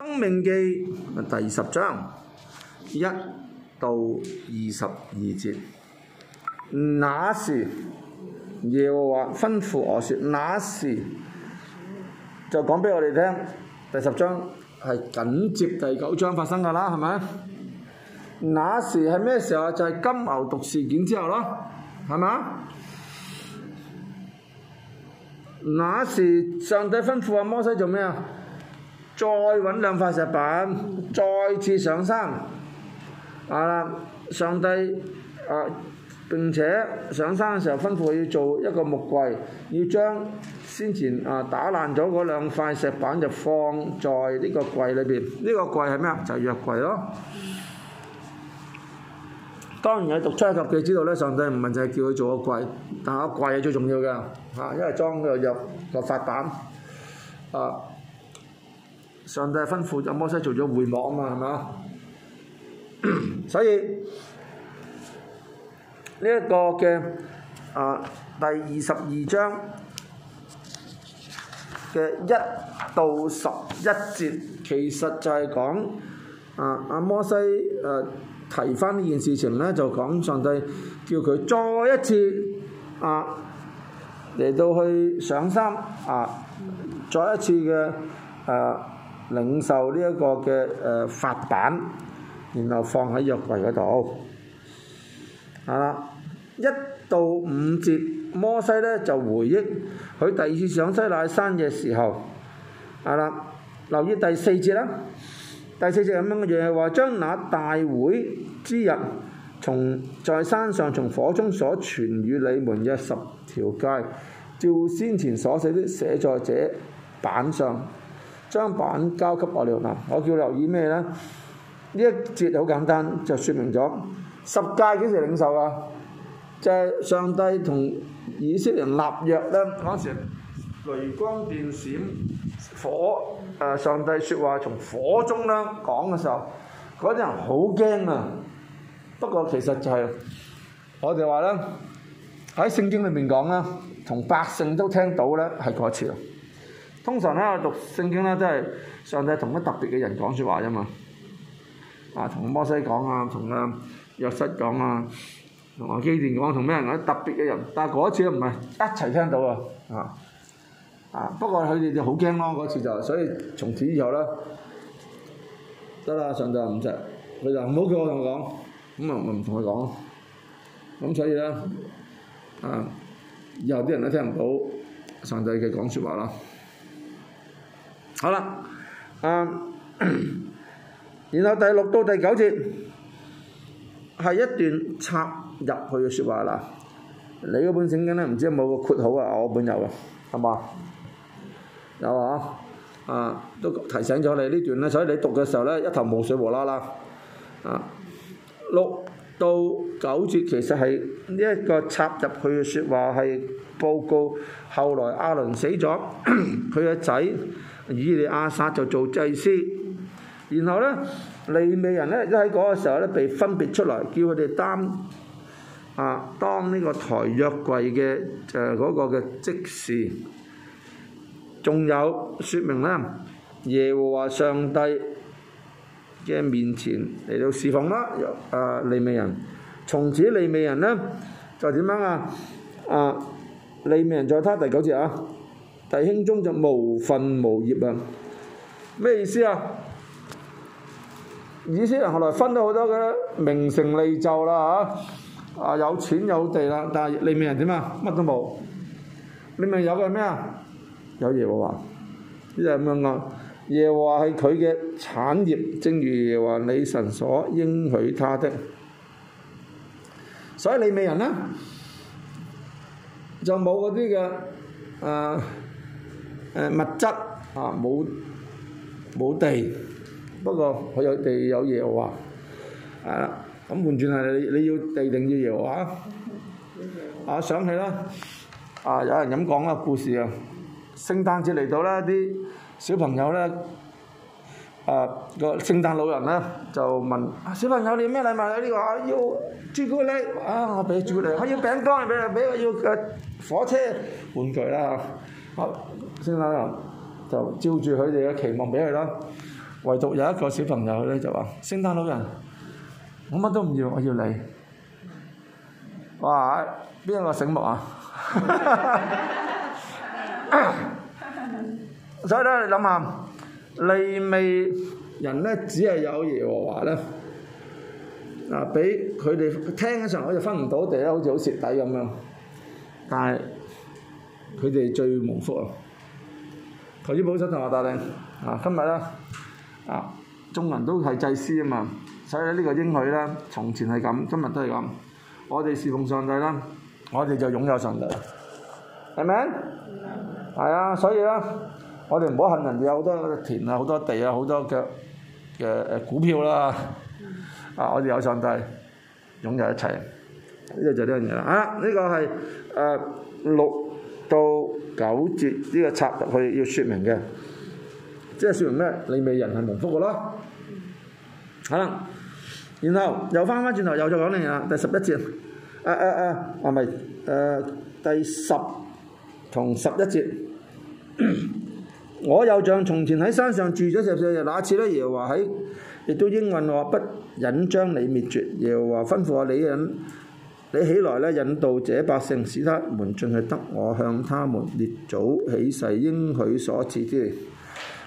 申命記第十章一到二十二節，那時耶和華吩咐我說，那時就講畀我哋聽，第十章係緊接第九章發生噶啦，係咪？那時係咩時候就係、是、金牛犢事件之後咯，係咪啊？那時上帝吩咐阿摩西做咩啊？再揾兩塊石板，再次上山，啊！上帝啊！並且上山嘅時候吩咐要做一個木櫃，要將先前啊打爛咗嗰兩塊石板就放在呢個櫃裏邊。呢個櫃係咩啊？就係約櫃咯。當然佢讀出約櫃知道咧，上帝唔係就係叫佢做個櫃，但係個櫃係最重要嘅嚇，因為裝入入入法版啊。上帝吩咐阿摩西做咗會幕啊嘛，係咪啊？所以呢一、這個嘅啊第二十二章嘅一到十一節，其實就係講啊阿摩西誒、啊、提翻呢件事情咧，就講上帝叫佢再一次啊嚟到去上山啊，再一次嘅誒。啊領受呢一個嘅誒、呃、法板，然後放喺約櫃嗰度。啊，一到五節，摩西咧就回憶佢第二次上西乃山嘅時候。啊啦，留意第四節啦。第四節係乜嘢？話將那大會之日，從在山上從火中所傳與你們嘅十條誡，照先前所寫的寫在這板上。將板交給我了。我叫留意咩咧？呢一節好簡單，就説明咗十戒幾時領受啊？就係、是、上帝同以色列人立約呢，嗰時雷光電閃火，呃、上帝説話從火中咧講嘅時候，嗰啲人好驚啊！不過其實就係我哋話咧，喺聖經裏面講咧，從百姓都聽到咧，係嗰次。通常咧，我讀聖經咧，即係上帝同啲特別嘅人講説話啫嘛。啊，同摩西講啊，同啊約瑟講啊，同阿、啊、基甸講、啊，同咩人講啊？特別嘅人，但係嗰次唔係一齊聽到啊。啊，不過佢哋就好驚咯，嗰次就，所以從此以後咧，得啦，上帝唔實，佢就唔好叫我同佢講，咁啊咪唔同佢講。咁所以咧，啊，以後啲人都聽唔到上帝嘅講説話啦。好啦，啊，然後第六到第九節係一段插入去嘅說話啦。你嗰本聖經咧，唔知有冇個括號啊？我本有啊，係嘛？有啊？啊，都提醒咗你呢段咧，所以你讀嘅時候咧，一頭霧水無啦啦。啊，六到九節其實係呢一個插入去嘅說話，係報告後來阿倫死咗，佢嘅仔。以利亞撒就做祭司，然後咧利未人咧，都喺嗰個時候咧被分別出來，叫佢哋擔啊當呢個台約櫃嘅就係嗰個嘅職事，仲有説明咧，耶和華上帝嘅面前嚟到侍奉啦，啊利未人。從此利未人咧就點樣啊？啊利未人再睇第九節啊。弟兄中就無分無業啊！咩意思啊？以色列人後來分咗好多嘅名城利就啦嚇，啊有錢有地啦，但係利未人點啊？乜都冇。利未人有嘅係咩啊？有耶和華，呢就咁樣講。耶和華係佢嘅產業，正如耶和華你神所應許他的。所以利未人咧就冇嗰啲嘅，誒。誒物質啊，冇冇地，不過佢有地有嘢喎，係啦。咁換轉係你，你要地定要嘢喎嚇。啊，想起啦，啊有人咁講個故事啊，聖誕節嚟到啦，啲小朋友咧，啊個聖誕老人咧就問：小朋友你咩禮物啊？你話要朱古力啊，我俾朱古力。佢要餅乾，俾俾佢要嘅火車玩具啦。好，聖誕老人就照住佢哋嘅期望俾佢啦。唯獨有一個小朋友咧就話：聖誕老人，我乜都唔要，我要你。哇！邊個醒目啊？所以咧，你諗下，利未人咧，只係有耶和華咧，嗱俾佢哋聽嘅時候，佢哋分唔到地咧，好似好蝕底咁樣。但係佢哋最無福啊！投資保身同我大領啊！今日咧啊，眾人都係祭司啊嘛，所以個英呢個應許咧，從前係咁，今日都係咁。我哋侍奉上帝啦，我哋就擁有上帝，係咪？係啊，所以咧，我哋唔好恨人哋有好多田啊，好多地啊，好多嘅嘅誒股票啦啊！我哋有、嗯啊、有上帝擁有一切，呢個就呢樣嘢啦。啊，呢、呢個係誒、呃、六。九節呢個插入去要説明嘅，即係説明咩？你未人係蒙福嘅咯。好喇！然後又翻翻轉頭又再講你啊，啊，啊，啊，啊，第十一節，啊啊啊，啊咪誒第十同十一節， 我有像從前喺山上住咗十四日，哪次咧耶和華喺，亦都應允我，不忍將你滅絕，耶和華吩咐我你啊。你起來咧，引導這百姓，使他們進去得我向他們列祖起誓應許所賜之地。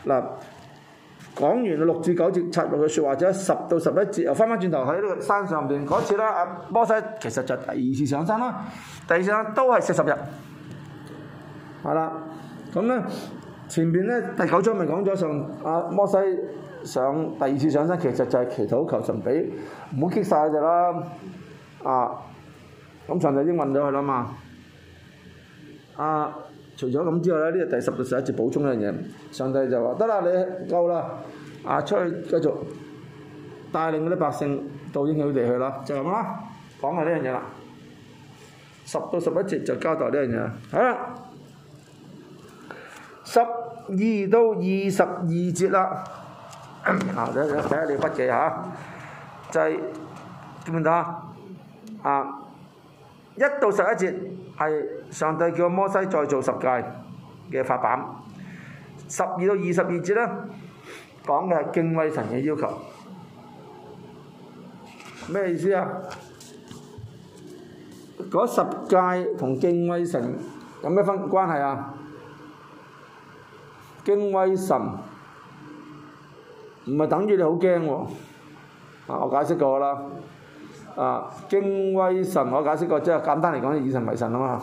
嗱，講完六至九節插入嘅説話者，十到十一節又翻翻轉頭喺呢個山上邊嗰次啦。阿摩西其實就第二次上山啦，第二次上山都係四十日。係啦，咁咧前邊咧第九章咪講咗上阿摩西上第二次上山，其實就係祈禱求，求神俾唔好擊晒佢哋啦。咁上帝應允咗佢啦嘛？啊，除咗咁之外咧，呢個第十到十一節補充一樣嘢，上帝就話：得啦，你夠啦，啊，出去繼續帶領嗰啲百姓到應許地去啦。就咁啦，講下呢樣嘢啦。十到十一節就交代呢樣嘢嚇。十二到二十二節啦，啊，睇睇睇下你筆記嚇，就見唔見到啊？啊！一到十一節係上帝叫摩西再做十戒嘅法版。十二到二十二節呢，講嘅係敬畏神嘅要求，咩意思啊？嗰十戒同敬畏神有咩分關係啊？敬畏神唔係等於你好驚喎，啊我解釋過啦。啊，敬畏神，我解釋過，即係簡單嚟講，以神為神啊嘛。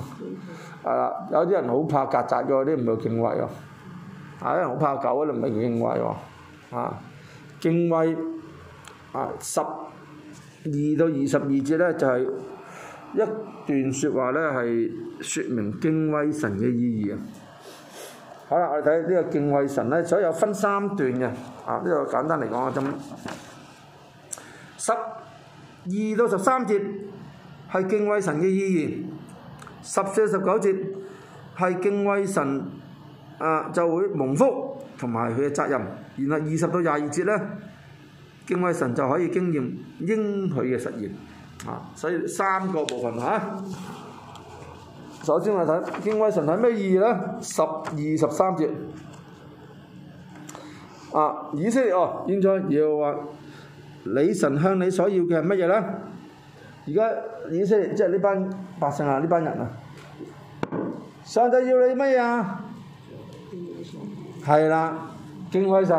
係、啊、啦，有啲人好怕曱甴嘅，啲唔係敬畏喎，有、啊、啲人好怕狗啊，你唔係敬畏啊，敬畏啊，十二到二十二節咧，就係、是、一段説話咧，係説明敬畏神嘅意義啊。好啦，我哋睇呢個敬畏神咧，所以有分三段嘅。啊，呢個簡單嚟講啊，咁。二到十三節係敬畏神嘅意義，十四十九節係敬畏神啊就會蒙福同埋佢嘅責任，然後二十到廿二節咧敬畏神就可以經驗應許嘅實現啊，所以三個部分嚇、啊。首先我睇敬畏神係咩意義咧？十二十三節啊，以色列哦，現在耶和你神向你所要嘅係乜嘢咧？而家以色列即係呢班百姓啊，呢班人啊，上帝要你乜嘢啊？係啦，敬 畏神，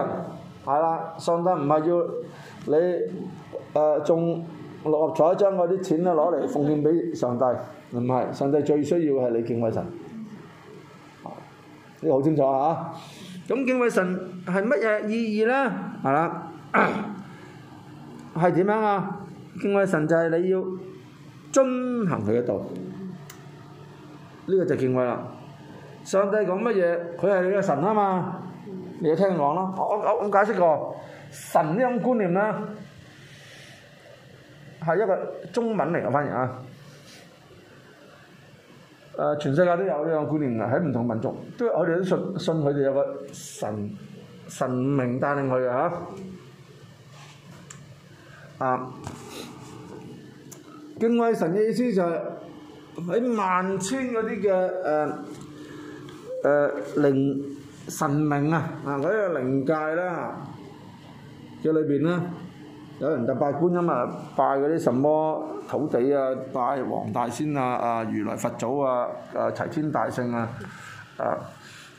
係啦，上帝唔係要你誒中六合彩，將嗰啲錢咧攞嚟奉獻俾上帝，唔係，上帝最需要係你敬畏神。你呢個好清楚啊？咁敬畏神係乜嘢意義咧？係啦的。 係點樣啊？敬畏神就係你要遵行佢嘅道，呢、這個就敬畏啦。上帝講乜嘢？佢係你嘅神啊嘛，你要聽佢講咯。我解釋過，神呢種觀念呢，係一個中文嚟嘅翻譯啊。誒、呃，全世界都有呢種觀念啊。喺唔同民族，都我哋都信信佢哋有個神神明帶領佢嘅嚇。啊啊！敬畏神嘅意思就係喺萬千嗰啲嘅誒誒靈神明啊，啊嗰啲靈界啦嘅裏邊咧，有人就拜觀音啊、拜嗰啲什麼土地啊，拜黃大仙啊、啊如來佛祖啊、啊齊天大聖啊，啊！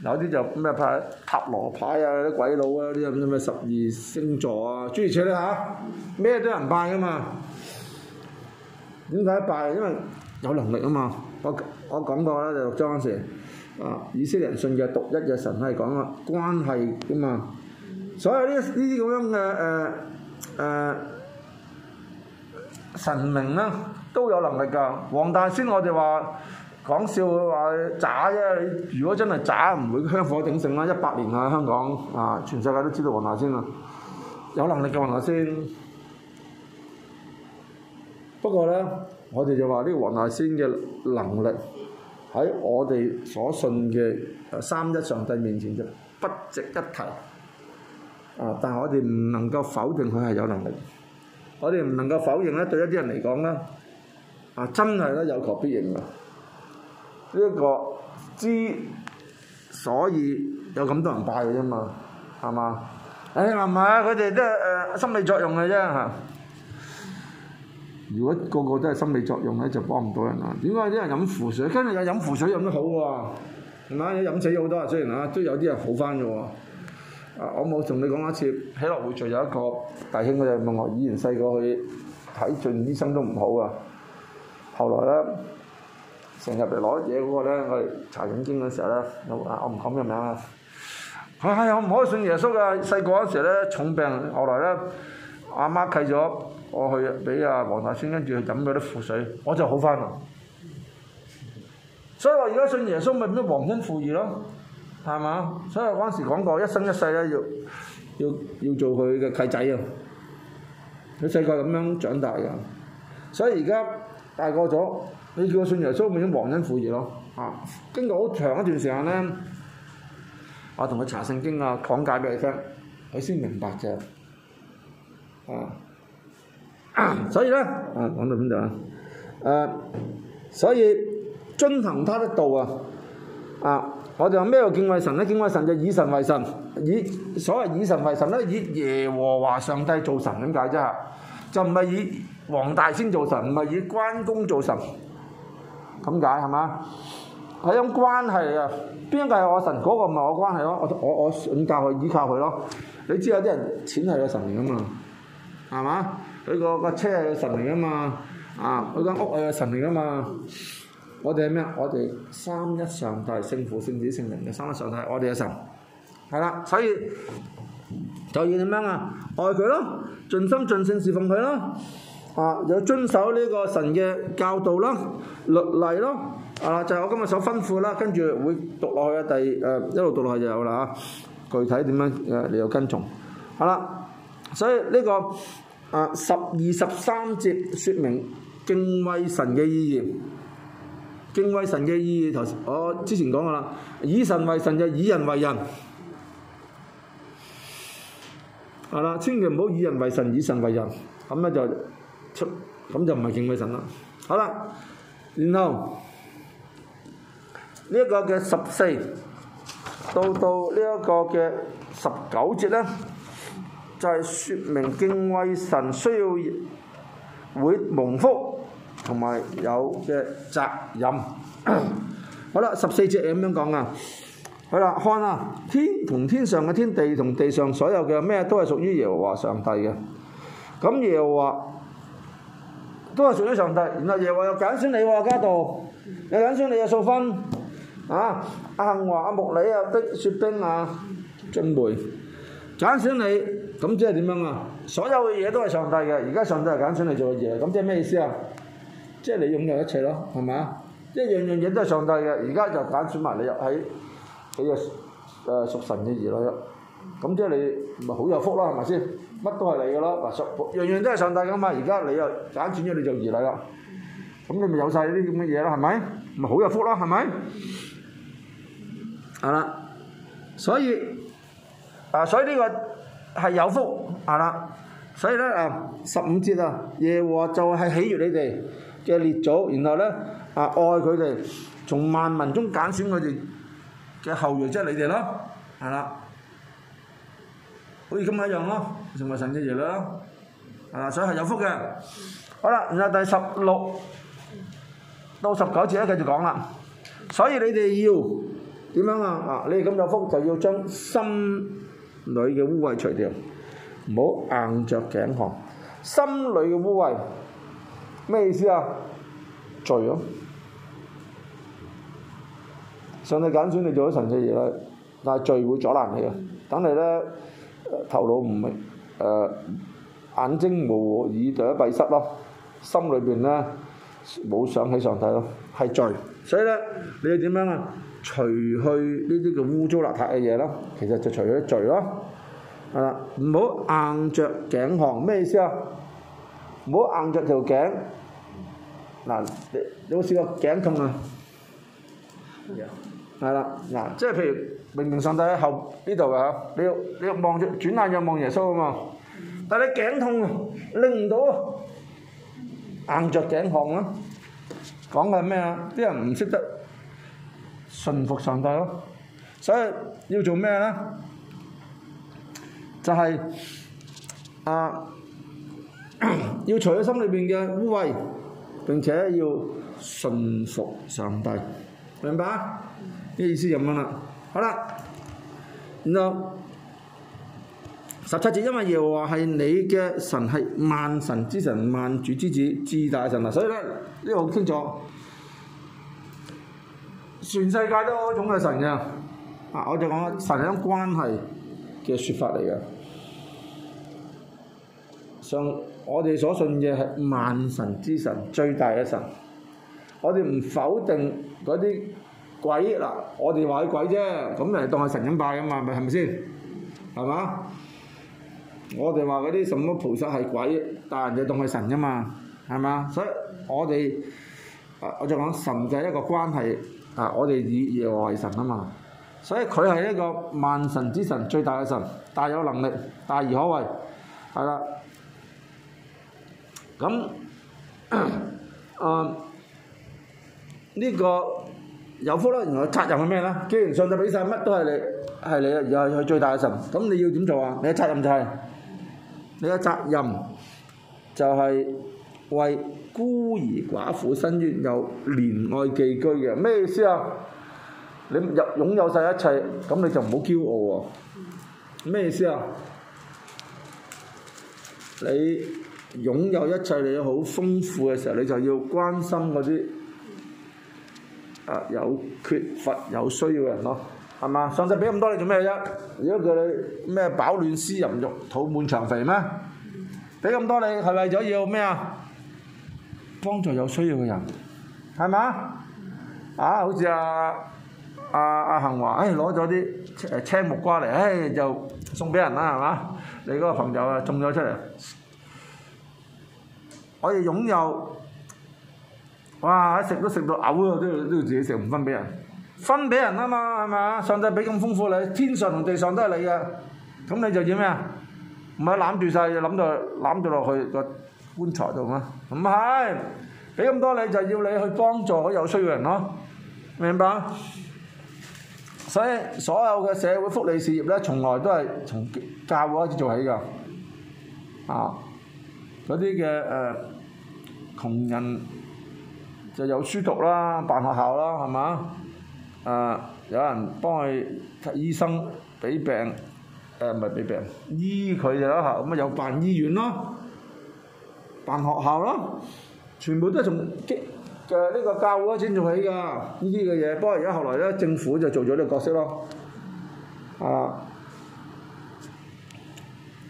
有啲就咩拍塔羅牌啊，啲鬼佬啊，啲咁咩十二星座啊，諸如此類嚇、啊，咩都有人拜噶嘛。點解拜？因為有能力啊嘛。我我講過啦，就六章嗰時啊，以色列人信嘅獨一嘅神係講啊關係噶嘛。所有呢呢啲咁樣嘅誒誒神明啦，都有能力㗎。黃大仙我，我哋話。講笑嘅話渣啫！如果真係渣，唔會香火鼎盛啦。一百年啊，香港啊，全世界都知道黃大仙啊，有能力嘅黃大仙。不過咧，我哋就話呢個黃大仙嘅能力喺我哋所信嘅三一上帝面前就不值一提啊！但係我哋唔能夠否認佢係有能力，我哋唔能夠否認咧，對一啲人嚟講咧啊，真係咧有求必應㗎。呢一，這個之所以有咁多人拜嘅啫嘛，係嘛？唉，哎，唔係啊，佢哋都係誒，呃、心理作用嘅啫嚇。如果個個都係心理作用咧，就幫唔到人啦。點解啲人飲符水？跟住飲符水飲得好喎？係咪啊？飲死好多啊！雖然啊，都有啲人好翻嘅。啊，我冇同你講一次，喺樂會仲有一個大兄，佢就問我，以前細個去睇盡醫生都唔好啊。後來咧。成日嚟攞嘢嗰個咧，我哋查緊經嗰時候咧，我我唔講嘅名啊！唉，我唔可以信耶穌噶、啊，細個嗰時咧重病，後來咧阿媽契咗我去俾阿黃大仙，跟住去飲嗰啲符水，我就好翻啦。所以我而家信耶穌咪變咗忘恩負義咯，係嘛？所以嗰陣時講過一生一世咧，要要要做佢嘅契仔啊！佢細個咁樣長大噶，所以而家大個咗。你叫我信耶穌咪都忘恩負義咯，啊！經過好長一段時間咧，我同佢查聖經啊，講解俾佢聽，佢先明白嘅、啊，啊！所以咧，啊講到邊度啊？誒，所以遵行他的道啊，啊！我哋話咩叫敬畏神咧？敬畏神就以神為神，以所謂以神為神咧，以耶和華上帝做神點解啫？就唔係以黃大仙做神，唔係以關公做神。咁解係嘛？係一種關係啊！邊個係我神？嗰個唔係我關係咯，我我我想靠佢，依靠佢咯。你知有啲人錢係個神嚟噶嘛？係嘛？佢個個車係個神嚟噶嘛？啊！佢間屋係個神嚟噶嘛？我哋係咩？我哋三一上帝、聖父、聖子、聖靈嘅三一上帝，我哋嘅神。係啦，所以就要點樣啊？愛佢咯，盡心盡性侍奉佢咯。啊！要遵守呢個神嘅教導啦，律例咯，啊就係、是、我今日所吩咐啦，跟住會讀落去啊，第、呃、一路讀落去就有啦嚇、啊。具體點樣你又、啊、跟從，好啦。所以呢、這個啊十二十三節說明敬畏神嘅意義，敬畏神嘅意義。頭先我之前講噶啦，以神為神就是、以人為人，係啦，千祈唔好以人為神，以神為人，咁咧就。咁就唔係敬畏神啦。好啦，然後、這個、14，呢一個嘅十四到到呢一個嘅十九節咧，就係、是、說明敬畏神需要會蒙福，同埋有嘅責任。 好啦，十四節係咁樣講啊。好啦，看啊，天同天上嘅天地同地上所有嘅咩都係屬於耶和華上帝嘅。咁耶和華。都係屬於上帝，然後耶和華又揀選你喎，加道，又揀選你就受分，啊，阿幸華、阿、啊、木里、啊，的雪冰啊，俊梅揀選你，咁即係點樣啊？所有嘅嘢都係上帝嘅，而家上帝又揀選你做嘅嘢，咁即係咩意思啊？即係你擁有一切咯，係咪啊？即一樣樣嘢都係上帝嘅，而家就揀選埋你入喺佢嘅誒屬神嘅兒女入，咁即係你咪好、就是、有福啦，係咪先？乜都係你嘅咯，嗱、啊，十樣樣都係上帝嘅嘛。而家你又揀選咗你就兒女咯，咁你咪有曬啲咁嘅嘢啦，係咪？咪好有福啦，係咪？係啦，所以啊，所以呢個係有福，係啦。所以咧啊，十五節啊，耶和華就係喜悅你哋嘅列祖，然後咧啊，愛佢哋，從萬民中揀選佢哋嘅後裔，即係你哋咯，係啦，好似咁嘅一樣咯。做埋神之業咯，啊，所以係有福嘅。好啦，然後第十六到十九節咧，繼續講啦。所以你哋要點樣啊？啊，你哋咁有福，就要將心裏嘅污穢除掉，唔好硬著頸項。心裏嘅污穢，咩意思啊？罪咯。上帝揀選你做咗神之業啦，但係罪會阻攔你嘅。等你咧，頭腦唔明。誒眼睛模糊，耳朵閉塞咯，心裏邊咧冇想起上帝咯，係罪。所以咧，你要點樣啊？除去呢啲叫污糟邋遢嘅嘢咯，其實就除咗罪咯。係啦，唔好硬著頸項，咩意思啊？唔好硬著條頸。嗱，你有冇試過頸痛啊？係啦，嗱，即係譬如。明明上帝喺後呢度嘅嚇，你要你要望住轉眼又望耶穌啊嘛，但係你頸痛啊，拎唔到，硬著頸項咯。講緊咩啊？啲人唔識得順服上帝咯，所以要做咩咧？就係啊，要除咗心裏邊嘅污穢，並且要順服上帝，明白？啲意思就咁啦。好啦，然十七節，因為耶和華係你嘅神，係萬神之神、萬主之主、至大神啊，所以咧，呢個好清楚，全世界都有一種嘅神嘅。啊，我就講神一種關係嘅説法嚟嘅。所以我哋所信嘅係萬神之神、最大嘅神，我哋唔否定嗰啲。鬼嗱，我哋話係鬼啫，咁人哋當係神咁拜啊嘛，咪係咪先？係嘛？我哋話嗰啲什麼菩薩係鬼，但係人哋當係神啫嘛，係嘛？所以我哋、呃，我就講神就係一個關係，啊，我哋以以為，為神啊嘛，所以佢係一個萬神之神，最大嘅神，大有能力，大而可畏，係啦。咁，啊，呢、呃這個。有福啦，然後責任係咩咧？既然上帝畀晒乜都係你，係你又係佢最大嘅神，咁你要點做啊？你嘅責任就係、是，你嘅責任就係為孤兒寡婦身、伸冤又憐愛寄居嘅，咩意思啊？你入擁有晒一切，咁你就唔好驕傲喎。咩意思啊？你擁有一切，你好豐富嘅時候，你就要關心嗰啲。有缺乏有需要嘅人咯、啊，係嘛？上次俾咁多你做咩啫？如果叫你咩飽暖思淫慾，肚滿腸肥咩？俾咁多你係為咗要咩啊？幫助有需要嘅人，係咪？啊！好似阿阿阿恆話，唉、啊，攞咗啲青木瓜嚟，唉、哎，就送俾人啦，係嘛？你嗰個朋友啊，種咗出嚟，可以擁有。哇！食都食到嘔咯，都要都要自己食唔分俾人，分俾人啊嘛，係咪啊？上帝畀咁豐富你，天上同地上都係你嘅，咁你就要咩啊？唔係攬住晒，諗到攬住落去個棺材度咩？唔係畀咁多你，就要你去幫助嗰有需要嘅人咯，明白？所以所有嘅社會福利事業咧，從來都係從教會開始做起㗎，啊！嗰啲嘅誒窮人。就有書讀啦，辦學校啦，係嘛？誒、呃，有人幫佢睇醫生，俾病誒唔係俾病，醫佢哋啦嚇。咁啊有辦醫院咯，辦學校咯，全部都係從基嘅呢個教會先做起㗎。呢啲嘅嘢，不過而家後來咧，政府就做咗呢個角色咯。啊、呃，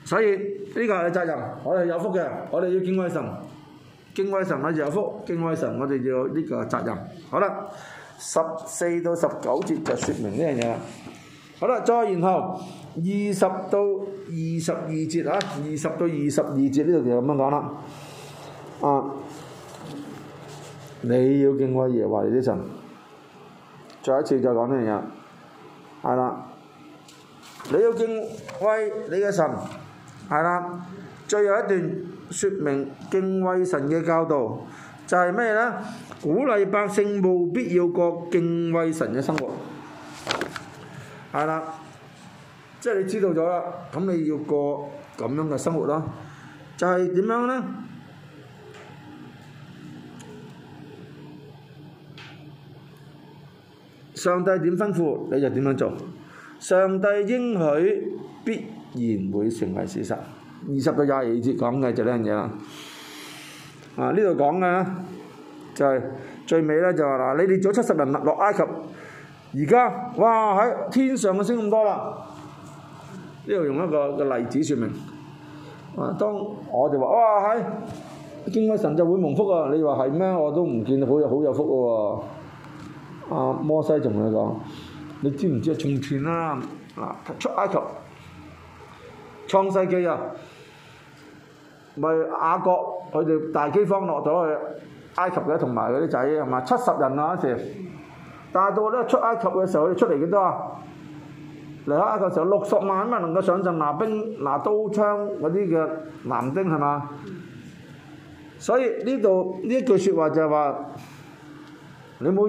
所以呢個係責任，我哋有福嘅，我哋要敬畏神。敬畏神，神我就有福，敬畏神我哋要有呢個責任。好啦，十四到十九節就説明呢樣嘢啦。好啦，再然後二十到二十二節啊，二十到二十二節呢度就咁樣講啦。啊，你要敬畏耶和華你啲神，再一次就講呢樣嘢，係啦，你要敬畏你嘅神，係啦，最後一段。説明敬畏神嘅教導就係咩咧？鼓勵百姓務必要過敬畏神嘅生活，係啦。即係你知道咗啦，咁你要過咁樣嘅生活咯。就係點樣咧？上帝點吩咐你就點樣做。上帝應許必然會成為事實。二十到廿二節講嘅就、啊、呢樣嘢啦，啊、就是、呢度講嘅就係最尾咧就話嗱，你哋早七十人落埃及，而家哇喺天上嘅星咁多啦，呢度用一個一個例子説明，啊當我哋話哇喺敬畏神就會蒙福啊，你話係咩？我都唔見好有好有福喎、啊啊，啊摩西仲同你講，你知唔知從啊？從前啦，嗱出埃及。創世紀啊，咪雅各佢哋大饑荒落咗去埃及嘅，同埋嗰啲仔係嘛七十人嗱嗰時，但係到咧出埃及嘅時候，佢哋出嚟幾多啊？嚟埃及嘅時候，六十萬乜能夠上陣拿兵拿刀槍嗰啲嘅男丁係嘛？所以呢度呢一句説話就係話，你冇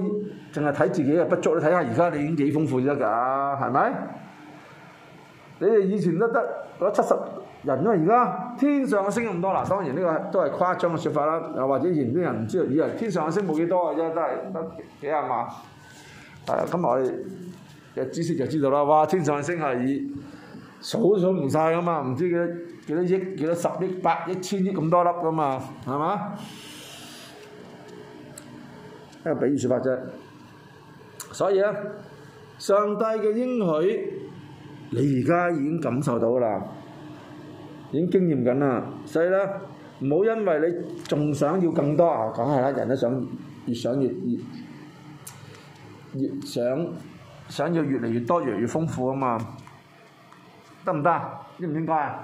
淨係睇自己嘅不足，你睇下而家你已經幾豐富得㗎，係咪？你哋以前都得七十人咯，而家天上嘅星咁多嗱，當然呢個都係誇張嘅説法啦。又或者以前啲人唔知道，以為天上嘅星冇幾多啊，而家都係得幾廿萬。係啊，今日我哋嘅知識就知道啦。哇，天上嘅星係數都數唔晒㗎嘛，唔知幾多幾多億、幾多十億、百億、千億咁多粒噶嘛，係嘛？一個比喻説法啫。所以咧，上帝嘅應許。你而家已經感受到啦，已經經驗緊啦，所以呢，唔好因為你仲想要更多啊，梗係啦，人都想越想越越，越想想要越嚟越多，越嚟越豐富啊嘛，得唔得？應唔應該啊？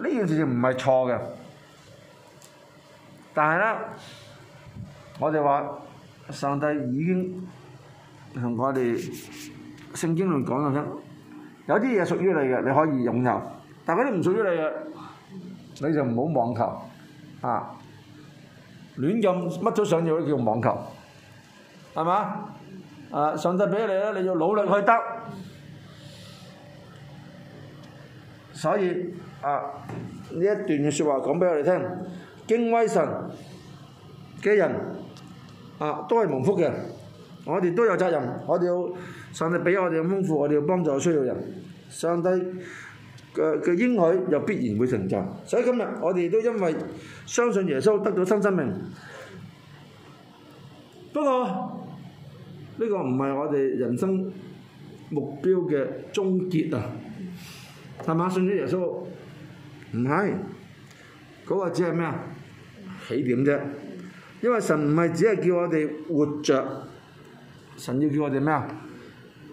呢件事唔係錯嘅，但係呢，我哋話上帝已經同我哋聖經嚟講咗先。有啲嘢屬於你嘅，你可以擁有；但嗰啲唔屬於你嘅，你就唔好妄求。啊，亂任乜都想要都叫妄求，係嘛？啊，上帝俾你啦，你要努力去得。所以啊，呢一段説話講俾我哋聽，敬畏神嘅人啊，都係蒙福嘅。我哋都有責任，我哋要。上帝俾我哋咁豐富，我哋要幫助需要嘅人。上帝嘅嘅應許又必然會成就。所以今日我哋都因為相信耶穌得到新生，生命。不過呢個唔係我哋人生目標嘅終結啊，係嘛？信主耶穌唔係嗰個只係咩？起點啫。因為神唔係只係叫我哋活着，神要叫我哋咩啊？